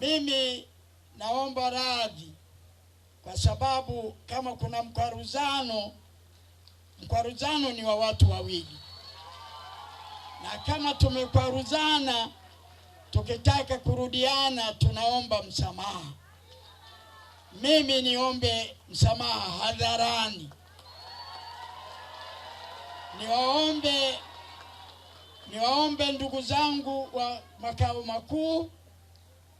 Mimi naomba radhi kwa sababu kama kuna mkwaruzano, mkwaruzano ni wa watu wawili, na kama tumekwaruzana tukitaka kurudiana, tunaomba msamaha. Mimi niombe msamaha hadharani, niwaombe niwaombe ndugu zangu wa makao makuu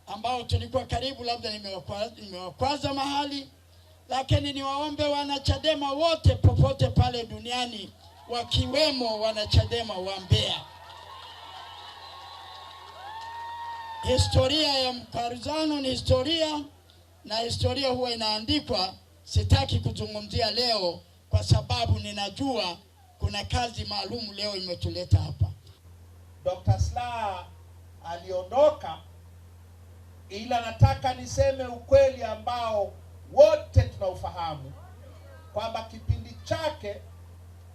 ambao tulikuwa karibu, labda nimewakwaza, mahali, lakini niwaombe wanachadema wote popote pale duniani wakiwemo wanachadema wa Mbeya. Historia ya mkaruzano ni historia na historia huwa inaandikwa. Sitaki kuzungumzia leo kwa sababu ninajua kuna kazi maalum leo imetuleta hapa. Dr. Slaa aliondoka ila nataka niseme ukweli ambao wote tunaufahamu kwamba kipindi chake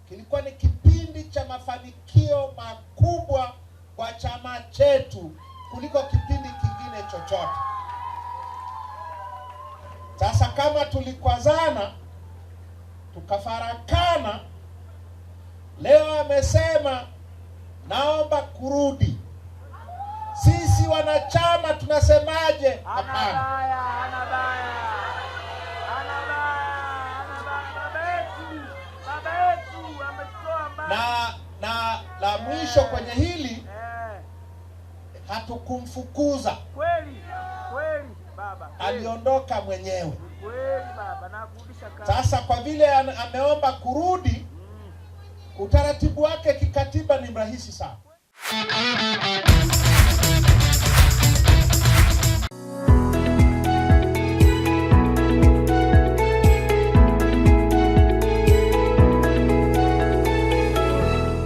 kilikuwa ni kipindi cha mafanikio makubwa kwa chama chetu kuliko kipindi kingine chochote. Sasa kama tulikwazana tukafarakana, leo amesema naomba kurudi tunasemaje? Hapana. Na, na la mwisho kwenye hili eh. hatukumfukuza kweli, kweli baba, aliondoka mwenyewe Sasa kwa vile ameomba kurudi mm. utaratibu wake kikatiba ni mrahisi sana.